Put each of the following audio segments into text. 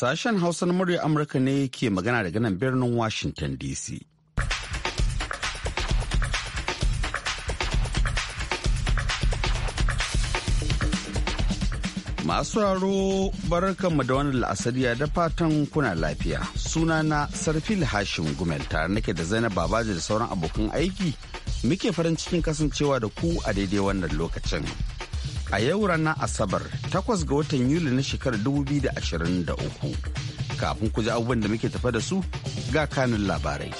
Sashen Hausa na murya Amurka ne ke magana daga nan birnin Washington DC. Masu raro barkanmu da wani la'asariya da fatan kuna lafiya. Sunana Sarfil Hashim Gumel tare nake da Zainab Babaji da sauran abokan aiki muke farin cikin kasancewa da ku a daidai wannan lokacin. a yau ranar Asabar takwas ga watan Yuli na shekarar 2023. Kafin ku ji abubuwan da muke tafa da su ga kanin labarai.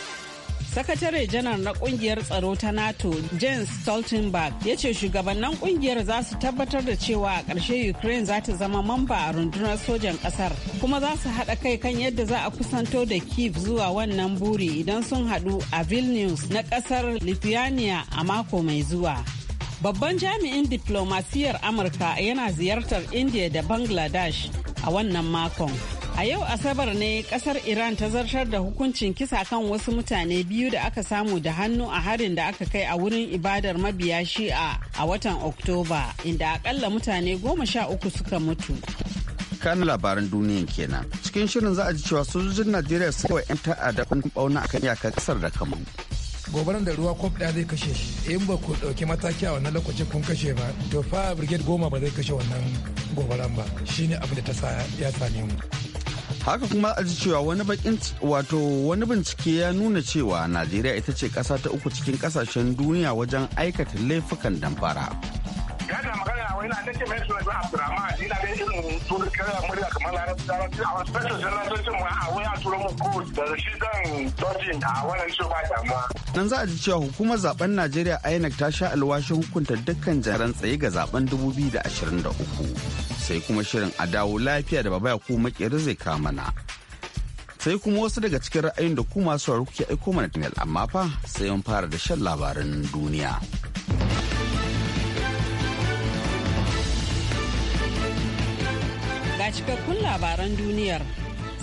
sakatare janar na kungiyar tsaro ta nato james stoltenberg ya ce shugabannin kungiyar za su tabbatar da cewa a ƙarshe ukraine za ta zama mamba a rundunar sojan ƙasar kuma za su haɗa kai kan yadda za a kusanto da kiev zuwa wannan buri idan sun haɗu a vilnius na ƙasar lithuania a mako mai zuwa Babban jami'in diplomasiyyar Amurka yana ziyartar India da Bangladesh a wannan makon. A yau Asabar ne kasar Iran ta zartar da hukuncin kisa kan wasu mutane biyu da aka samu da hannu a harin da aka kai a wurin ibadar mabiya shi'a a watan Oktoba, inda akalla mutane goma sha uku suka mutu. kan labaran duniyan kenan cikin shirin za a ji cewa sojojin najeriya suka wa 'yan ta'adda kun bauna akan iyakar kasar da kamar gobaran da ruwa kwaf ɗaya zai kashe shi in ba ku ɗauki mataki a wannan lokaci kun kashe ba to fa brigade goma ba zai kashe wannan gobaran ba shine abin da ta sa ya same mu haka kuma a ji cewa wani bakin wato wani bincike ya nuna cewa najeriya ita ce kasa ta uku cikin kasashen duniya wajen aikata laifukan damfara ya ga magana wani na nake mai suna kira murya kamar a wasu a mu ko da shi zan a wannan shi ba damuwa. Nan za a ji cewa hukumar zaben Najeriya INEC ta sha alwashin hukunta dukkan jaran tsaye ga zaben 2023. Sai kuma shirin a dawo lafiya da baba ko makeri zai na sai kuma wasu daga cikin ra'ayin da ku masu kuke aiko mana tunnel amma fa sai mun fara da shan labaran duniya. cikakkun labaran duniyar.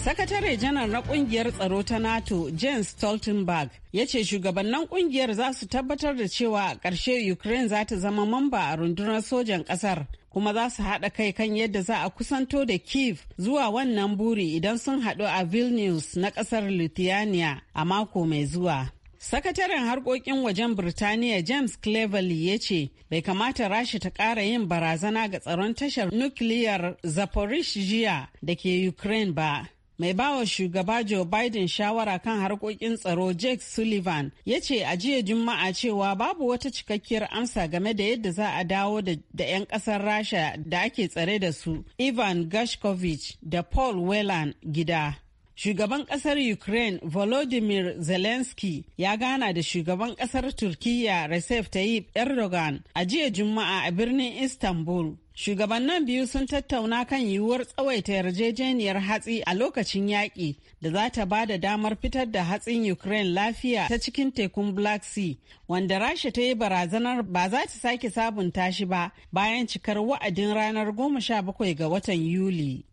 Sakatare janar na kungiyar tsaro ta NATO, james Stoltenberg, ya ce shugabannin kungiyar za su tabbatar da cewa a ƙarshe Ukraine za ta zama mamba a rundunar sojan ƙasar, kuma za su haɗa kai kan yadda za a kusanto da Kiev zuwa wannan buri idan sun haɗu a Vilnius na ƙasar Lithuania a mako mai zuwa. Sakataren harkokin wajen Birtaniya James Cleverly ya ce bai kamata rashi ta ƙara yin barazana ga tsaron tashar nukiliyar Zaporizhia da ke Ukraine ba. Mai bawa shugaba Joe Biden shawara kan harkokin tsaro Jake Sullivan ya ce a jiya Juma'a cewa babu wata cikakkiyar amsa game da yadda za a dawo da 'yan kasar Rasha da ake tsare da su, Ivan Gashkovich da Paul Whelan gida. Shugaban kasar Ukraine Volodymyr Zelensky ya gana da shugaban kasar Turkiyya Recep Tayyip Erdogan a jiya Juma'a a birnin Istanbul. Shugabannin biyu sun tattauna kan yiwuwar tsawaita yarjejeniyar hatsi a lokacin yaƙi da za ta ba da damar fitar da hatsin Ukraine lafiya ta cikin tekun Black Sea, wanda Rasha ta yi barazanar ba za ta sake sabunta shi ba bayan cikar wa'adin ranar 17 ga watan Yuli.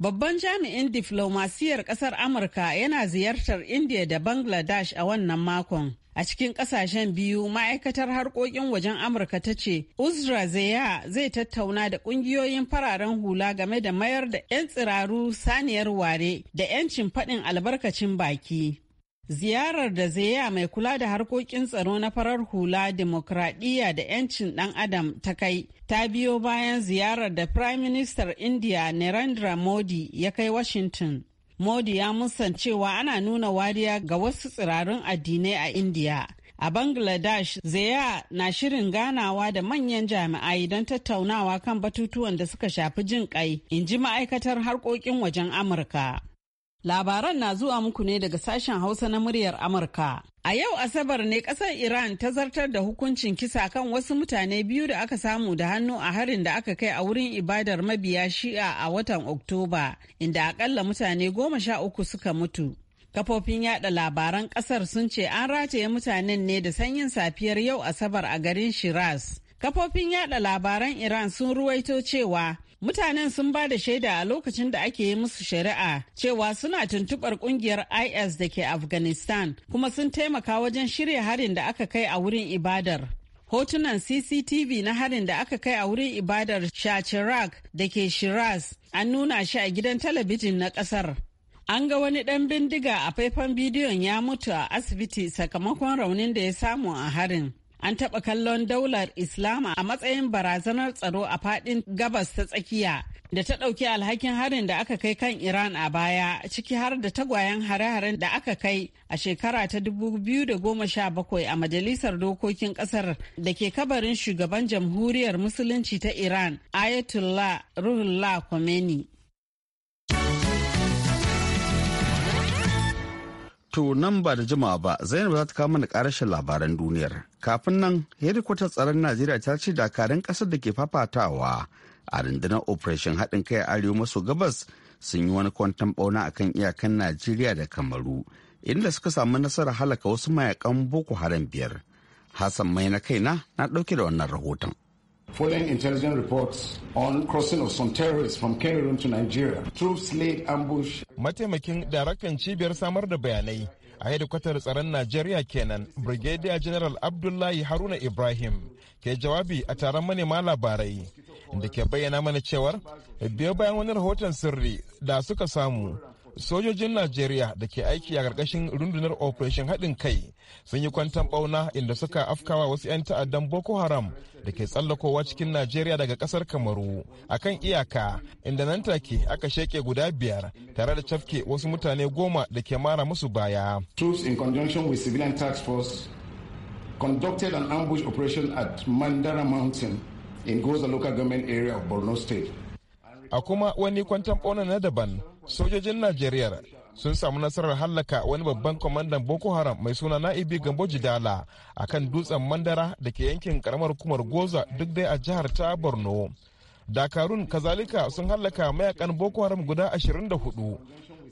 Babban jami'in diflomasiyar ƙasar Amurka yana ziyartar India da Bangladesh a wannan makon. A cikin ƙasashen biyu ma'aikatar harkokin wajen Amurka ta ce, Uzra Zaya zai tattauna da ƙungiyoyin fararen hula game da mayar da 'yan tsiraru saniyar ware da 'yancin faɗin albarkacin baki. ziyarar da zaya mai kula da harkokin tsaro na farar hula demokradiyya da 'yancin dan adam ta kai ta biyo bayan ziyarar da prime minister india narendra modi ya kai washington modi ya musan cewa ana nuna wariya ga wasu tsirarun addinai a india a bangladesh zaya na shirin ganawa da manyan jami'ai don tattaunawa kan batutuwan da suka shafi jin kai in ji ma'aikatar harkokin wajen amurka Labaran na zuwa muku ne daga sashen Hausa na muryar Amurka. A yau Asabar ne ƙasar Iran ta zartar da hukuncin kisa kan wasu mutane biyu da aka samu da hannu a harin da aka kai a wurin ibadar mabiya shi'a a watan Oktoba, inda akalla mutane goma sha uku suka mutu. Kafofin yada labaran ƙasar sun ce an rataye mutanen ne da sanyin safiyar yau Asabar a garin Shiraz. Kafofin yada labaran Iran sun ruwaito cewa Mutanen sun ba da shaida a lokacin da ake yi musu shari'a cewa suna tuntubar kungiyar IS da ke Afghanistan kuma sun taimaka wajen shirya harin da aka kai a wurin ibadar. Hotunan CCTV na harin da aka kai a wurin ibadar Shachirak da ke Shiraz an nuna shi a gidan talabijin na kasar. An ga wani ɗan bindiga a faifan bidiyon ya mutu a asibiti sakamakon raunin da ya samu a harin. An taɓa kallon daular Islama a matsayin barazanar tsaro a faɗin gabas ta tsakiya da ta ɗauki alhakin harin da aka kai kan Iran a baya ciki har da tagwayen hare-haren da aka kai a shekara ta 2017 a Majalisar Dokokin Ƙasar da ke kabarin shugaban Jamhuriyar Musulunci ta Iran Ayatollah Ruhullah Khomeini. To nan ba da jimawa ba Zainab za ta kawo mana karashin labaran duniyar. Kafin nan, hedikwatar tsaron Najeriya ta ce dakarun ƙasar da ke fafatawa a rundunar operation haɗin kai a arewa maso gabas sun yi wani kwantan ɓauna akan iyakan Najeriya da Kamaru, inda suka samu nasarar halaka wasu mayakan Boko Haram biyar. Hassan mai na kaina na ɗauke da wannan rahoton. Following intelligence reports on crossing of some terrorists from Cameroon to Nigeria. Troops laid ambush. Mataimakin daraktan cibiyar samar da bayanai a hedikwatar tsaron Najeriya kenan Brigadier General Abdullahi Haruna Ibrahim ke jawabi a taron manema labarai da ke bayyana mana cewar biyo bayan wani rahoton sirri da suka samu Sojojin Najeriya da ke aiki a ƙarƙashin rundunar Operation haɗin kai sun yi kwantan bauna inda suka afkawa wasu 'yan ta'addan Boko Haram da ke tsallakowa cikin Najeriya daga ƙasar Kamaru a kan iyaka inda nan take aka sheke guda biyar tare da cafke wasu mutane goma da ke mara musu baya. Troops in conjunction with civilian task force conducted an ambush operation at Mandara Mountain in Goza local government area of Borno state. A kuma wani kwantan ɓauna na daban sojojin najeriya sun samu nasarar hallaka wani babban kwamandan boko haram mai suna na'ibi gambo jidala a kan dutsen mandara da ke yankin karamar kumar goza duk dai a jihar ta borno dakarun kazalika sun hallaka mayakan boko haram guda 24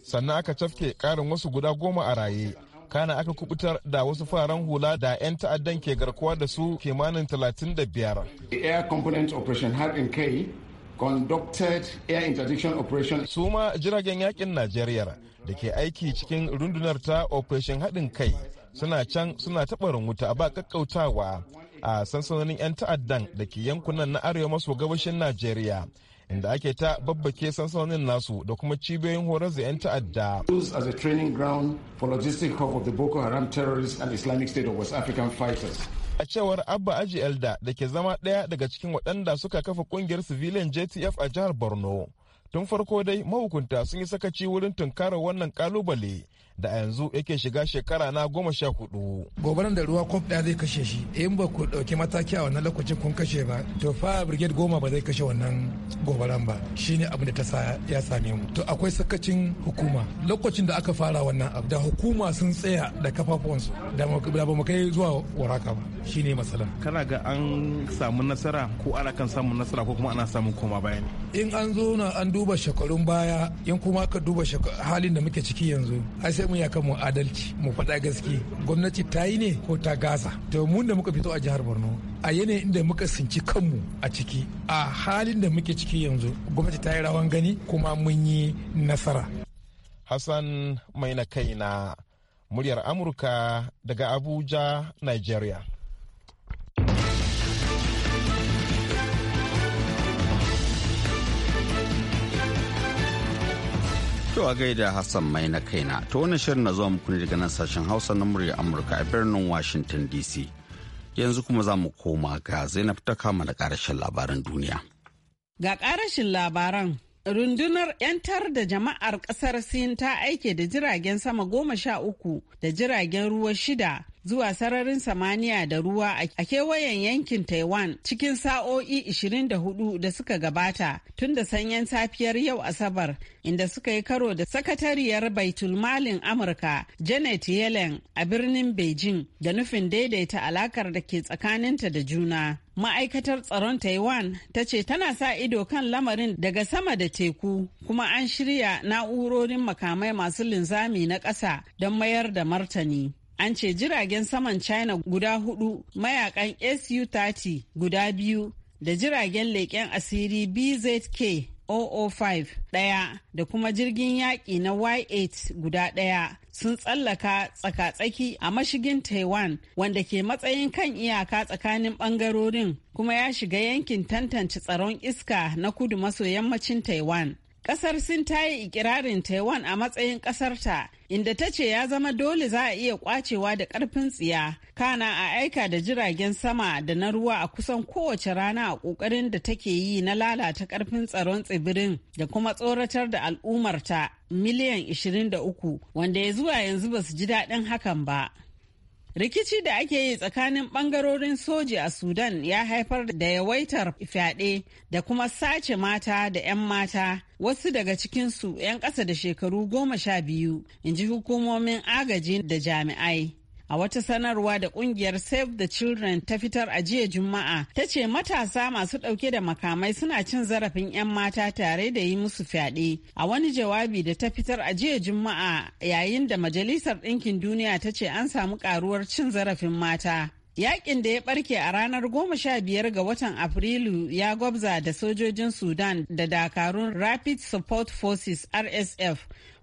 sannan aka cafke karin wasu guda goma a raye kana aka kubutar da wasu faran hula da 'yan ta'addan ke garkuwa da su kimanin 35 the air component operation kai conducted air interdiction operation. Su jiragen yakin Najeriya da ke aiki cikin rundunar ta operation haɗin kai suna can suna taɓa taɓarin wuta ba kakkautawa a sansanonin 'yan ta'addan da ke yankunan na arewa maso gabashin Najeriya. inda ake ta babbake sansanonin nasu da kuma cibiyoyin horar da 'yan ta'adda. Used as a training ground for logistic hub of the Boko Haram terrorists and Islamic State of West African fighters. a cewar abba aji elda da ke zama ɗaya daga cikin waɗanda suka kafa ƙungiyar civilian jtf a jihar borno tun farko dai mahukunta sun yi sakaci wurin tunkarar wannan ƙalubale da a yanzu yake shiga shekara na goma sha hudu. Gobaran da ruwa kwaf ɗaya zai kashe shi in ba ku ɗauki mataki a wannan lokacin kun kashe ba to fa brigade goma ba zai kashe wannan gobaran ba shi ne abin da ta sa ya same mu. To akwai sakacin hukuma lokacin da aka fara wannan abu da hukuma sun tsaya da kafafuwansu da ba mu kai zuwa waraka ba shi ne matsala. Kana ga an samu nasara ko ana kan samun nasara ko kuma ana samun koma baya ne. In an zo na an duba shekarun baya in kuma aka duba halin da muke ciki yanzu ai sai mu ya kan mu adalci mu faɗa gaske gwamnati ta yi ne ko ta gasa to mun da muka fito a jihar borno a yanayin da muka sinci kanmu a ciki a halin da muke ciki yanzu gwamnati ta yi rawan gani kuma mun yi nasara hassan mai na kai na muryar amurka daga abuja nigeria To a gaida Hassan mai na kaina. To Wani shirin na zuwa muku ne daga nan sashen Hausa na murya Amurka a birnin Washington DC. Yanzu kuma za mu koma ga Zainab ta kama da ƙarashin labaran duniya. Ga karashin labaran Rundunar 'yantar da jama'ar kasar Sin ta aike da jiragen sama goma sha uku da jiragen ruwa shida zuwa sararin samaniya da ruwa a kewayen yankin Taiwan cikin sa'o'i 24 da suka gabata tun da sanyin safiyar yau Asabar inda suka yi karo da sakatariyar Baitulmalin Amurka Janet Yellen a birnin Beijing da nufin daidaita alakar da ke tsakaninta da juna. Ma'aikatar tsaron Taiwan ta ce tana sa ido kan lamarin daga sama da teku kuma an shirya na'urorin makamai masu linzami na ƙasa don mayar da martani. An ce jiragen saman China guda hudu mayakan SU-30 guda biyu da jiragen leƙen asiri BZK 005 ɗaya da kuma jirgin yaƙi na Y-8 guda ɗaya sun tsallaka tsakatsaki a mashigin Taiwan wanda ke matsayin kan iyaka tsakanin bangarorin kuma ya shiga yankin tantance tsaron iska na kudu maso yammacin Taiwan. Kasar Sin ta yi ikirarin Taiwan a matsayin kasarta, inda ta ce ya zama dole za a iya kwacewa da karfin tsiya, kana a aika da jiragen sama da na ruwa a kusan kowace rana a kokarin da take yi na lalata karfin tsaron tsibirin da kuma tsoratar da al'ummarta miliyan 23, wanda ya zuwa yanzu ba su ji daɗin hakan ba. rikici da ake yi tsakanin bangarorin soji a sudan ya haifar da yawaitar fyaɗe da kuma sace mata da 'yan mata wasu daga cikinsu 'yan ƙasa da shekaru goma sha biyu in ji hukumomin agaji da jami'ai A wata sanarwa da kungiyar Save the Children ta fitar a jiya Juma'a ta ce matasa masu ɗauke da makamai suna cin zarafin 'yan mata tare da yi musu fyaɗe. A wani jawabi da ta fitar a jiya Juma'a yayin da Majalisar Ɗinkin Duniya ta ce an samu ƙaruwar cin zarafin mata. Yakin da ya barke a ranar goma sha biyar ga watan Afrilu ya gwabza da sojojin Sudan da dakarun Rapid Support Forces RSF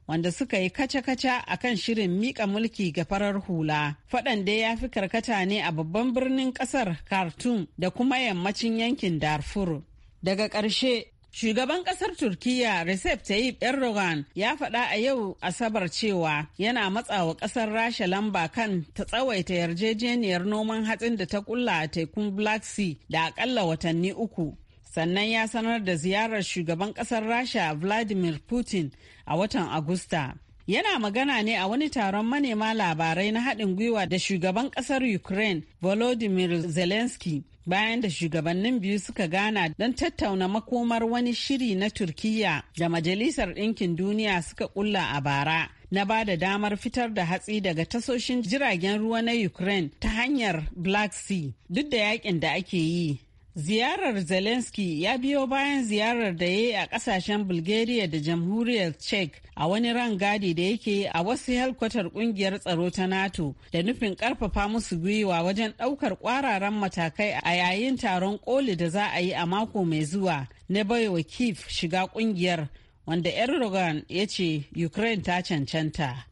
wanda suka yi kaca-kaca a kan shirin mika mulki ga farar hula. Faɗan dai ya fi karkata ne a babban birnin ƙasar Khartoum da kuma yammacin yankin Darfur. Daga ƙarshe, Shugaban kasar Turkiyya Recep Tayyip Erdogan ya faɗa a yau Asabar cewa yana matsawa ƙasar Rasha lamba kan ta tsawaita yarjejeniyar noman hatsin da ta kulla a tekun Black Sea da aƙalla watanni uku. sannan ya sanar da ziyarar shugaban kasar rasha vladimir putin a watan agusta yana magana ne a wani taron manema labarai na haɗin gwiwa da shugaban ƙasar ukraine volodymyr zelensky bayan da shugabannin biyu suka gana don tattauna makomar wani shiri na turkiya da majalisar ɗinkin duniya suka ƙulla a bara na ba da damar fitar da hatsi daga tasoshin jiragen ruwa na ukraine ta hanyar black sea duk da yakin da ake yi Ziyarar Zelensky ya biyo bayan ziyarar da ya yi a kasashen Bulgaria da Jamhuriyar Czech a wani rangadi da yake a wasu helkwatar kungiyar tsaro ta NATO da nufin karfafa musu gwiwa wajen daukar kwararan matakai a yayin taron koli da za a yi a mako mai zuwa na baiwa Kiev shiga kungiyar wanda Erdogan ya ce Ukraine ta cancanta.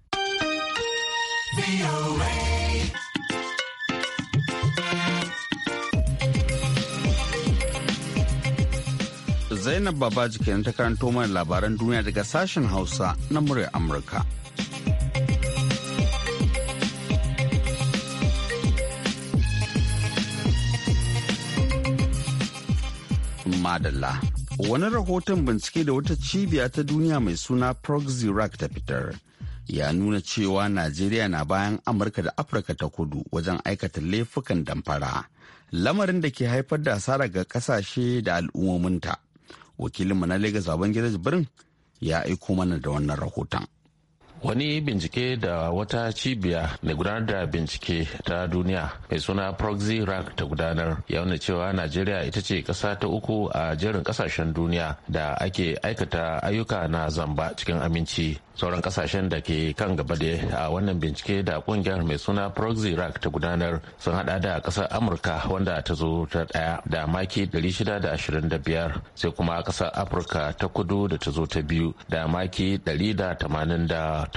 Zainab Babaji na ta karanto mana labaran duniya daga sashen Hausa na muryar Amurka. Madalla. Wani rahoton bincike da wata cibiya ta duniya mai suna Proxy rock ta fitar. ya nuna cewa Najeriya na bayan Amurka da Afirka ta kudu wajen aikata laifukan damfara, lamarin da ke haifar da asara ga kasashe da al'ummominta. wakilinmu na lagos zaben gida jibirin ya aiko mana da wannan rahoton wani bincike da wata cibiya mai gudanar da bincike ta duniya mai suna proxy rank ta gudanar ya nuna cewa najeriya ita ce ƙasa ta uku a jerin ƙasashen duniya da ake aikata ayyuka na zamba cikin aminci sauran kasashen da ke kan gaba da a wannan bincike da kungiyar mai suna proxy rack ta gudanar sun hada da kasar amurka wanda ta zo ta daya da maki 625 sai kuma kasar afirka ta kudu da ta zo ta biyu da maki 188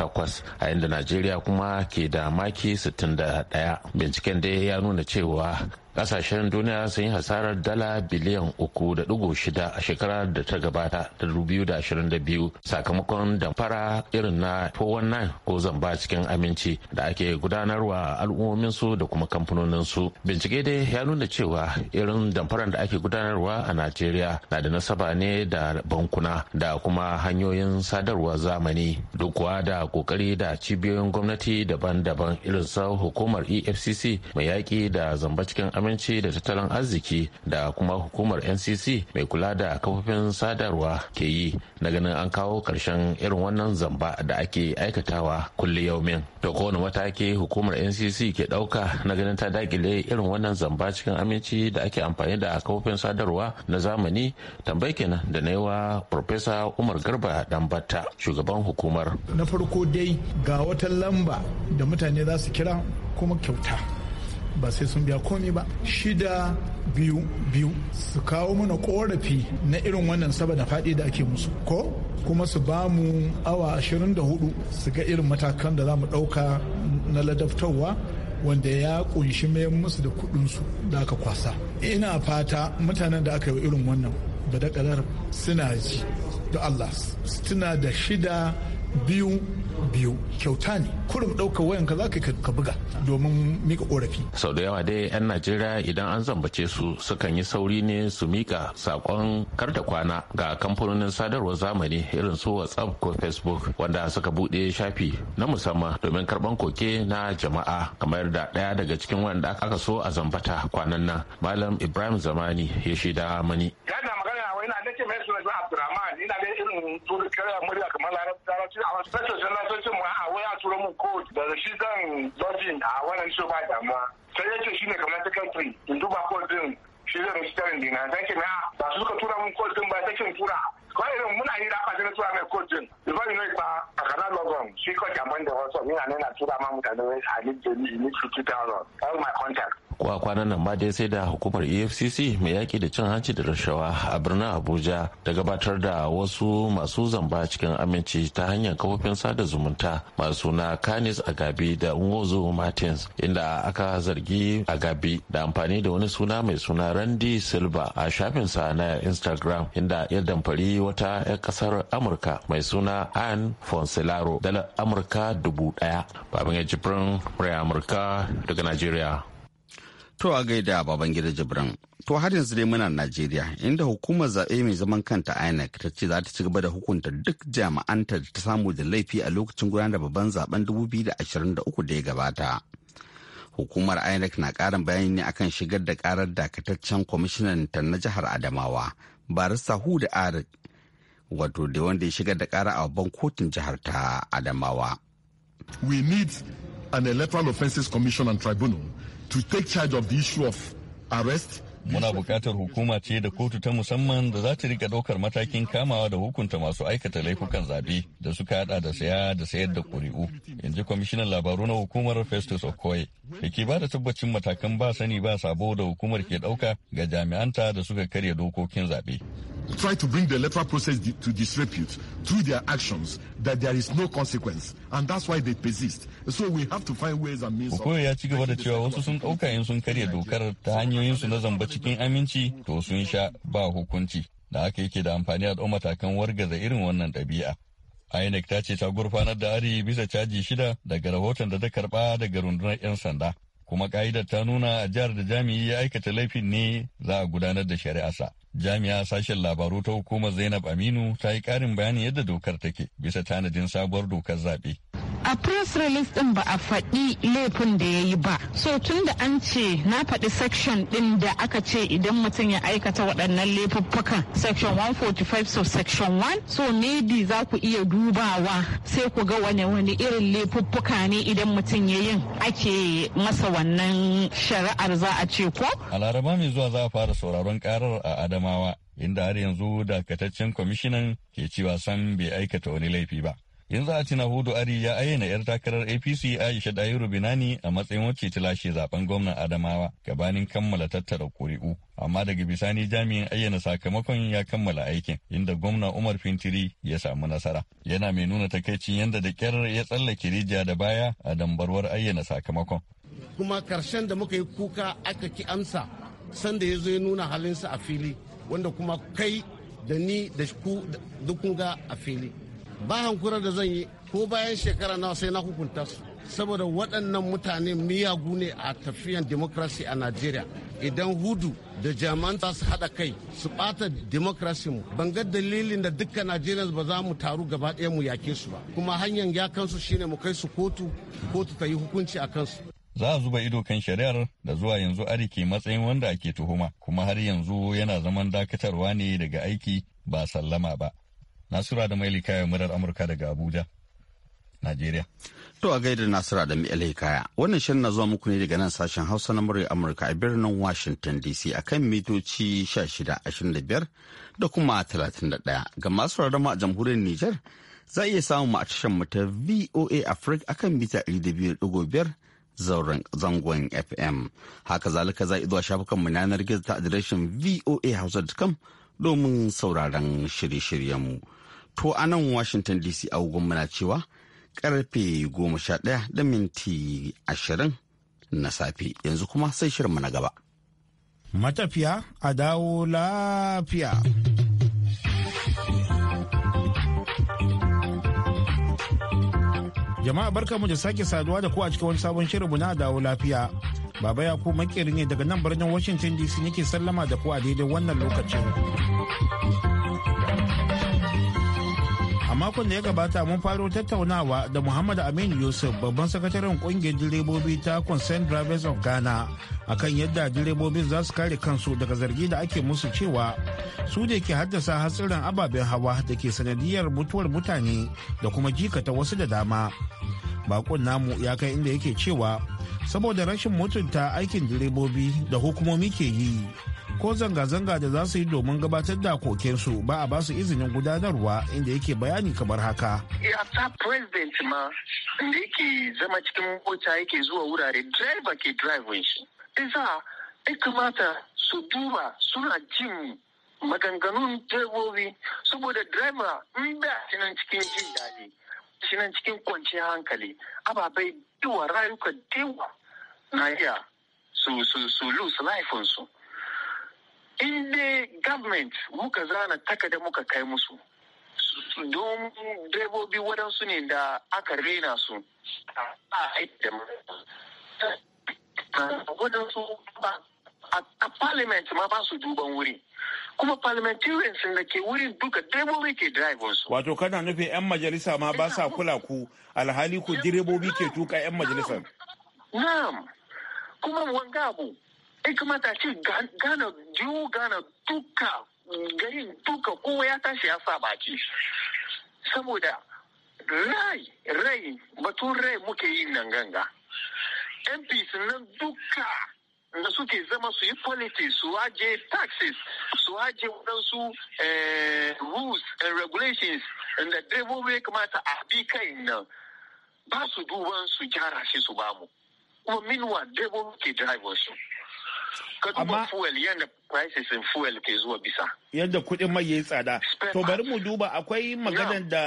a inda najeriya kuma ke da maki 61 binciken dai ya nuna cewa kasashen duniya sun yi hasarar dala biliyan uku a shekara da ta gabata ta 2022 da da biyu sakamakon damfara irin na nan ko zamba cikin aminci da ake gudanarwa al'ummomin su da kuma kamfanonin su bincike dai ya nuna cewa irin damfarar da ake gudanarwa a najeriya na da nasaba ne da bankuna da kuma hanyoyin sadarwar zamani dukwa da kokari da cibiyoyin gwamnati daban-daban irin sa hukumar efcc mai yaƙi da zamba cikin aminci aminci da tattalin arziki da kuma hukumar ncc mai kula da kafofin sadarwa ke yi na ganin an kawo karshen irin wannan zamba da ake aikatawa kulle yaumin da kowane mataki hukumar ncc ke ɗauka na ganin ta dakile irin wannan zamba cikin aminci da ake amfani da kafofin sadarwa na zamani tambayi da na wa profesa umar garba dambata shugaban hukumar na farko dai ga wata lamba da mutane za su kira kuma kyauta ba sai sun biya komi ba shida biyu biyu su kawo mana korafi na irin wannan saboda faɗi da ake musu ko kuma su ba mu awa 24 su ga irin matakan da za mu ɗauka na ladaftarwa wanda ya kunshi mayan musu da kudinsu da aka kwasa ina fata mutanen da aka yi irin wannan badakalar suna ji da allah suna da shida biyu biyu kyauta ne kurum ɗaukar wayanka za ka buga domin mika korafi sau da yawa dai yan najeriya idan an zambace su sukan yi sauri ne su mika sakon karta kwana ga kamfanonin sadarwar zamani irin su whatsapp ko facebook wanda suka buɗe shafi na musamman domin karban koke na jama'a kamar da ɗaya daga cikin wanda aka so a zambata kwanan nan malam ibrahim zamani ya shida mani. mu tura ah, kare murya kamar larabci a wasu sassan mu a waya tura mu ko da shi zan login a ah, wannan shi ba damuwa sai yace shi ne kamar secretary in duba ko din shi zai rubuta tarin dina sai ke na ah, ba su suka tura mun ko din ba sai kin tura kawai irin muna yi da na tura mai ko din before you know it ba a kana logon shi da wasu yana nuna tura ma mutane wai halin jami'i ni 50,000 all my contact ko a kwanan nan ma dai sai da hukumar efcc mai yaki da cin hanci da rashawa a birnin abuja da gabatar da wasu masu zamba cikin aminci ta hanyar kafofin sada zumunta masu na kanis agabi da nwozo martins inda aka zargi agabi da amfani da wani suna mai suna randy silva a shafinsa na instagram inda ya damfari wata 'yan ƙasar amurka mai suna ann fonsilaro dala amurka dubu daya babin ya jibrin amurka daga nigeria To a gaida baban gida Jibran. To har yanzu dai muna Najeriya inda hukumar zaɓe mai zaman kanta INEC ta ce za ta ci gaba da hukunta duk jami'anta da ta samu da laifi a lokacin gudanar da babban zaben 2023 da ya gabata. Hukumar INEC na ƙarin bayani ne akan shigar da ƙarar dakataccen kwamishinan ta na jihar Adamawa, Barista Huda Arik, wato da wanda ya shigar da ƙara a babban kotun jihar ta Adamawa. We need an electoral offenses commission and tribunal to take charge of the issue of arrest muna bukatar hukuma ce da kotu ta musamman da za ta rika ɗaukar matakin kamawa da hukunta masu aikata laifukan zaɓe da suka hada da saya da sayar da ƙuri'u in ji kwamishinan labaru na hukumar festus okoye da ke ba da tabbacin matakan ba sani ba sabo da hukumar ke ɗauka ga jami'anta da suka karya dokokin zabe try to bring the electoral process to disrepute through their actions that there is no consequence and that's why they persist so we have to find ways and means of... ya ci gaba da cewa wasu sun ɗauka in sun karya dokar ta hanyoyinsu na zambaci cikin aminci to sun sha ba hukunci da haka yake da amfani a ɗau matakan wargaza irin wannan ɗabi'a. INEC ta ce ta gurfanar da ari bisa caji shida daga rahoton da ta karɓa daga rundunar 'yan sanda. Kuma ka'idar ta nuna a jihar da jami'i ya aikata laifin ne za a gudanar da shari'arsa. Jami'a sashen labaru ta hukumar Zainab Aminu ta yi ƙarin bayani yadda dokar take bisa tanadin sabuwar dokar zaɓe. a press release din ba a faɗi laifin da ya yi ba so tun da an ce na faɗi section din da aka ce idan mutum ya aikata waɗannan laifuffukan section 145 so section 1 so maybe za ku iya dubawa sai ku ga wani wani irin laifuffuka ne idan mutum ya yin ake masa wannan shari'ar za a ce ko a laraba mai zuwa za a fara sauraron karar a adamawa inda har yanzu dakataccen kwamishinan ke cewa san bai aikata wani laifi ba yanzu a cina hudu ari ya ayyana 'yar takarar apc aisha dayiru binani a matsayin wacce ta lashe zaben gwamnan adamawa gabanin kammala tattara kuri'u amma daga bisani jami'in ayyana sakamakon ya kammala aikin inda gwamna umar fintiri ya samu nasara yana mai nuna takaicin yadda da kyar ya tsallake rijiya da baya a dambarwar ayyana sakamakon kuma karshen da muka yi kuka aka ki amsa sanda ya zo ya nuna halinsa a fili wanda kuma kai da ni da ku duk a fili ba hankurar da zan yi ko bayan shekara nawa sai na hukunta su saboda waɗannan mutane miyagu ne a tafiyan demokrasi a najeriya idan hudu da jaman za su haɗa kai su ɓata demokrasi mu ban ga dalilin da dukkan najeriya ba za mu taru gaba ɗaya mu yake su ba kuma hanyar ya kansu shine mu kai su kotu kotu ta yi hukunci a kansu za a zuba ido kan shari'ar da zuwa yanzu arike matsayin wanda ake tuhuma kuma har yanzu yana zaman dakatarwa ne daga aiki ba sallama ba Nasura da Maili Kaya murar Amurka daga Abuja, Najeriya. To a gaida Nasura da Maili Kaya. Wannan shirin na zuwa muku ne daga nan sashen Hausa na muryar Amurka a birnin Washington DC a kan mitoci 16 25 da kuma 31. Ga masu rarrama a jamhuriyar Nijar za a iya samun mu a tashar mu ta VOA Africa akan mita 200.5 zangon FM. Haka zalika za a zuwa shafukan na yanar gizo ta adireshin voahausa.com domin sauraron shirye-shiryenmu. mu. to a nan washington dc agogon muna cewa karfe goma sha ɗaya da minti ashirin na safe yanzu kuma sai shirinmu na gaba matafiya a dawo lafiya jama'a barka mu da sake saduwa da ku a cikin wani sabon shirinmu na dawo lafiya baba ya ku makeri ne daga nan birnin washington dc nake sallama da ku a daidai wannan lokacin makon da ya gabata mun faro tattaunawa da muhammad amin yusuf babban sakataren kungiyar direbobi ta concern drivers of ghana akan yadda direbobin za su kare kansu daga zargi da ake musu cewa su da ke haddasa hatsarin ababen hawa da ke sanadiyar mutuwar mutane da kuma jikata wasu da dama bakon namu ya kai inda yake cewa saboda rashin mutunta aikin direbobi da hukumomi ke yi ko zanga-zanga da za su yi domin gabatar da kokensu ba a ba su izinin gudanarwa inda yake bayani kamar haka. Yata eh, president ma da yake zama cikin mota yake zuwa wurare driver ke driving shi. Isa ya kamata su duba suna jin maganganun direbobi saboda driver in da nan cikin jin daɗi shi cikin kwanciyar hankali ababai duwa rayuka dewa na iya su su su lose life su. in dai government muka zana takada muka kai musu don direbobi waɗansu ne da aka rena su a waɗansu a parliament ma ba su duban wuri kuma parliamentarians da ke wurin duka direbobi ke su wato kana nufin 'yan majalisa ma ba sa kula ku alhali ku direbobi ke tuka 'yan majalisa. na'am kuma wanga abu ya ta ce gana gana duka garin duka kowa ya tashi ya sa baki saboda rai rai batun rai muke yin nan ganga sun nan duka da suke zama su yi politics su aje taxes su aje waɗansu eh, rules and regulations da direbobi ya kamata a bi kai nan ba su duban su gyara shi su bamu kuma minuwa direbobi ke drivers su ka duba fuel yadda prices in fuel ke zuwa bisa yadda kuɗin mai yayi tsada to bari mu duba akwai maganar da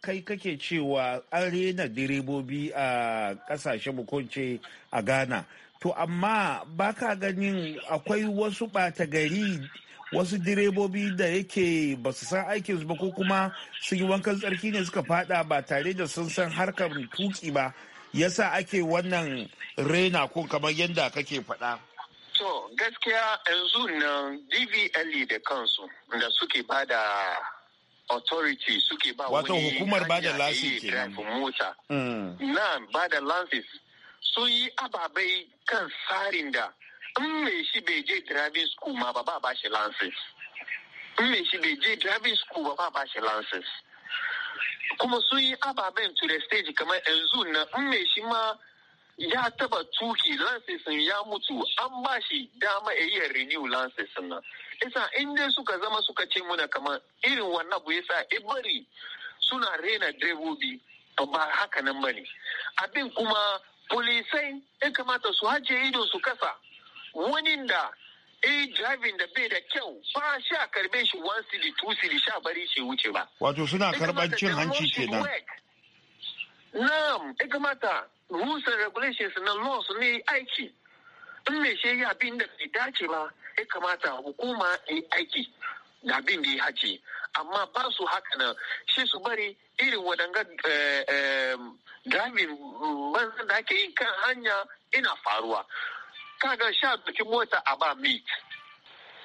kai kake cewa an rena direbobi a kasashe mu a Ghana to amma baka ganin akwai wasu ɓata gari wasu direbobi da yake ba su san su ba ko kuma sun yi wankan tsarki ne suka fada ba tare da sun san harkar tuki ba yasa ake wannan rena ko kamar yadda kake faɗa. To gaskiya yanzu nan DVL e da kansu da suke ba da authority suke ba Wato hukumar ba da lansi mota. Mm. Na ba da lansis su yi ababai kan tsarin da in mai shi bai je driving school ma ba ba ba shi lansis. In mai shi bai je driving school ba ba ba shi lansis. Kuma su yi ababen to the stage kamar yanzu na in mai shi ma ya taba tuki sun ya mutu an ba shi dama ya yi renew sun nan isa in dai suka zama suka ce muna kamar irin wannan bu yasa ibari suna rena direbobi ba haka nan bane abin kuma polisai ya kamata su haje ido su kasa wani da e driving da bai da kyau ba sha karbe shi one city two city sha bari shi wuce ba wato suna karban cin hanci kenan na'am ya kamata rules and regulations na laws ne aiki in mai shi ya bin da bai dace ba ya kamata hukuma ya aiki da bin da ya hace amma ba su haka nan shi su bari irin wadanga eh, eh, driving mm, banzan da ake yi kan hanya ina faruwa kaga sha doki mota a ba mi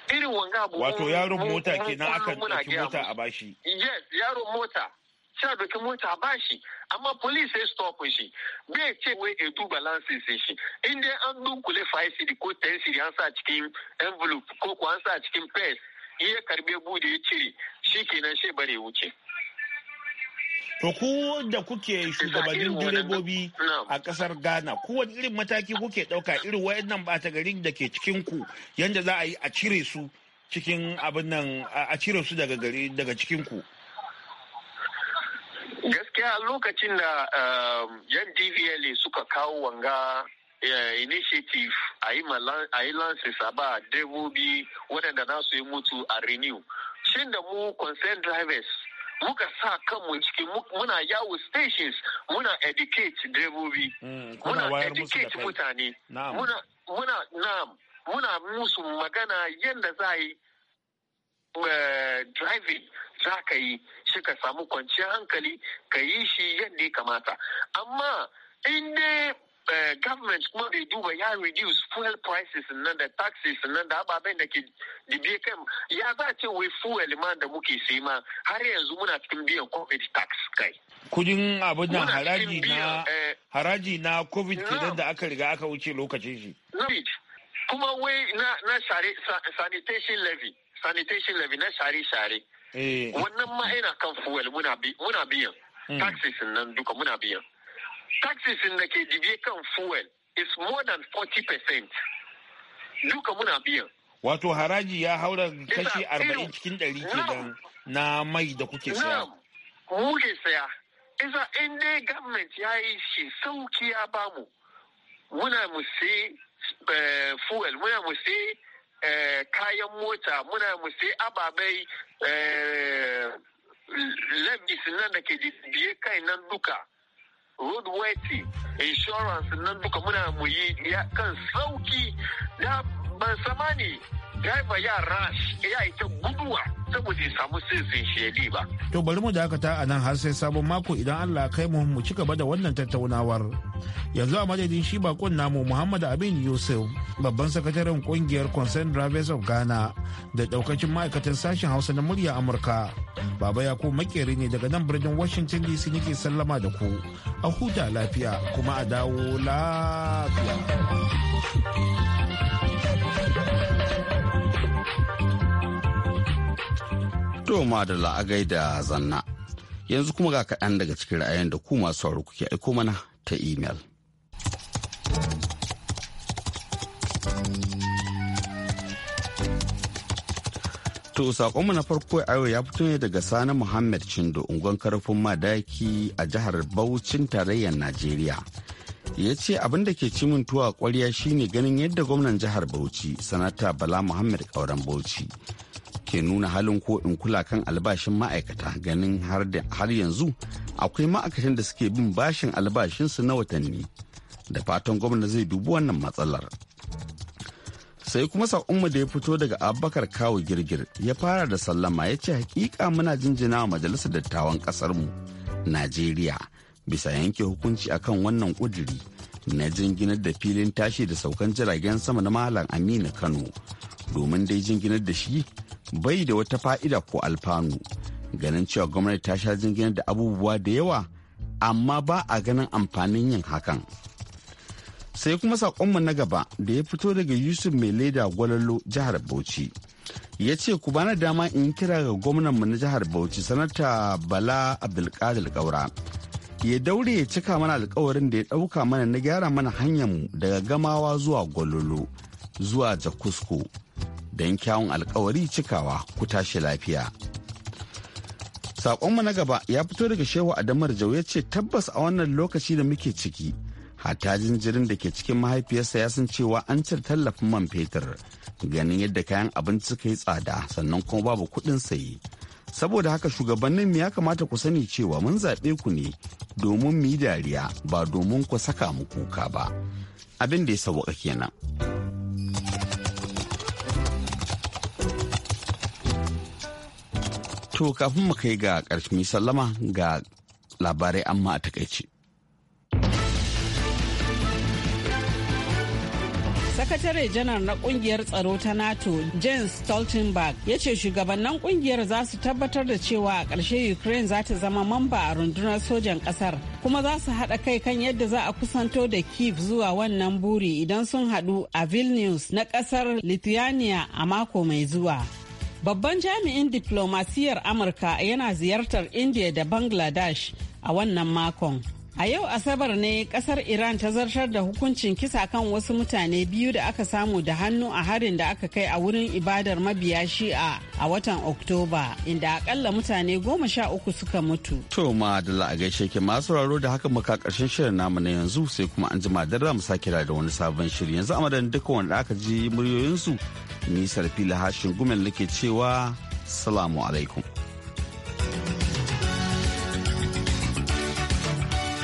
irin wanga abu wato yaron mota kenan akan doki mota a bashi yes yaron mota sai da doki mota a shi amma police sai stop shi bai ce wai a duba lansin shi in dai an dunkule 5 cd ko 10 cd an sa cikin envelope ko ko an sa cikin purse ya karbe bude ya cire shi kenan shi bare wuce To ku da kuke shugabannin direbobi a kasar Ghana, kowane irin mataki kuke ɗauka irin wayannan ɓata garin da ke cikin ku yadda za a yi a cire su cikin abin nan a cire su daga gari daga cikin ku. Gaskiya lokacin da yan um, dvl suka kawo wanga eh, initiative a yi lances a ba direbobi waɗanda za su yi mutu a renew. Shin da mu concern drivers muka sa kanmu cikin muna yawo stations muna educate dabobi mm, muna educate mutane muna muna muna musu magana yadda za a yi eh, driving za ka yi shi ka samu kwanciyar hankali ka yi shi yadda ya kamata amma in dai eh, government kuma bai duba ya reduce fuel prices nan da taxes nan da ababen da ke dibe kan ya za ce wai fuel ma da muke sai ma har yanzu muna cikin biyan covid tax kai. Kudin abin nan haraji na eh, haraji na covid kenan da aka riga aka wuce lokacin shi. Kuma wai na, na sanitation levy sanitation levy na share share Eh. wannan ma yana kan fuel muna biyan hmm. taxes nan duka muna biyan taxes da ke jibiye kan fuel is more than 40% duka muna biyan wato haraji ya haura kashi 40 cikin 100 kenan na mai da kuke saya mu ke saya isa in dai government ya yi shi sauki ya bamu muna mu sai eh, fuel muna mu sai Eh, kayan mota muna mu sai ababai eh, labis nan da ke biye kai nan duka road waiting insurance nan duka muna mu yi kan sauki da ban samani ba yara ya yi ta guduwa saboda ya samu sinsin shedi ba. To bari mu dakata a nan har sai sabon mako idan Allah kai mu mu ci gaba da wannan tattaunawar. Yanzu a madadin shi bakon namu Muhammad Abin Yusuf babban sakataren kungiyar Concern Drivers of Ghana da daukacin ma'aikatan sashen Hausa na murya Amurka. Baba ya ko makeri ne daga nan birnin Washington DC nake sallama da ku. A huta lafiya kuma a dawo lafiya. To da la'agai da zanna. Yanzu kuma ga kaɗan daga cikin ra'ayin da ku masu sauraro kuke aiko mana ta imel. To sakonmu na farko a yau ya fito ne daga Sani Muhammad Chindo unguwan karfin madaki a jihar Bauchin tarayyar Najeriya. Ya ce abin da ke cimin tuwa kwarya shine ganin yadda gwamnan jihar Bauchi, sanata Bala Muhammad Kauran Bauchi ke nuna halin ko in kula kan albashin ma'aikata ganin har yanzu akwai ma'aikatan da suke bin bashin albashinsu na watanni da fatan gwamna zai dubi wannan matsalar sai kuma mu da ya fito daga abubakar kawo girgir ya fara da sallama ya ce hakika muna jinjina wa majalisar dattawan kasarmu najeriya bisa yanke hukunci akan wannan kuduri na jinginar da filin tashi da saukan jiragen sama na malam aminu kano domin dai jinginar da shi bai da wata fa'ida ko alfanu ganin cewa gwamnati ta sha jingina da abubuwa da yawa amma ba a ganin amfanin yin hakan sai kuma saƙonmu na gaba da ya fito daga yusuf mai leda gwalalo jihar bauchi ya ce ku bana dama in kira ga gwamnanmu na jihar bauchi sanata bala abdulkadir kaura ya daure ya cika mana alkawarin da ya ɗauka mana na gyara mana hanyar mu daga gamawa zuwa gwalolo zuwa jakusko don kyawun alkawari cikawa ku tashi lafiya. Saƙonmu na gaba ya fito daga shehu Adamar Jau ya ce tabbas a wannan lokaci da muke ciki hata jinjirin da ke cikin mahaifiyarsa ya san cewa an cire tallafin man fetur ganin yadda kayan abinci suka yi tsada sannan kuma babu kuɗin sayi saboda haka shugabannin mu ya kamata ku sani cewa mun zaɓe ku ne domin mu yi dariya ba domin ku saka mu kuka ba abin da ya sauwaka kenan. To kafin mu kai ga ƙarshen sallama ga labarai amma a takaice. sakatare janar na kungiyar tsaro ta nato james stoltenberg ya ce shugabannin kungiyar za su tabbatar da cewa a ƙarshe ukraine za ta zama mamba a rundunar sojan ƙasar kuma za su haɗa kai kan yadda za a kusanto da kiev zuwa wannan buri idan sun haɗu a vilnius na ƙasar lithuania a mako mai zuwa Babban jami'in diplomasiyar Amurka yana ziyartar India da Bangladesh a wannan makon. A yau Asabar ne kasar Iran ta zartar da hukuncin kisa kan wasu mutane biyu da aka samu da hannu a harin da aka kai a wurin ibadar mabiya shi'a a watan Oktoba, inda akalla mutane goma sha uku suka mutu. To ma da la'agaishe ke masu raro da haka muka karshen shirin namu na yanzu sai kuma an jima da mu sake da wani sabon shiri yanzu a madadin duka wanda aka ji muryoyinsu nisar fili hashin gumel nake cewa salamu alaikum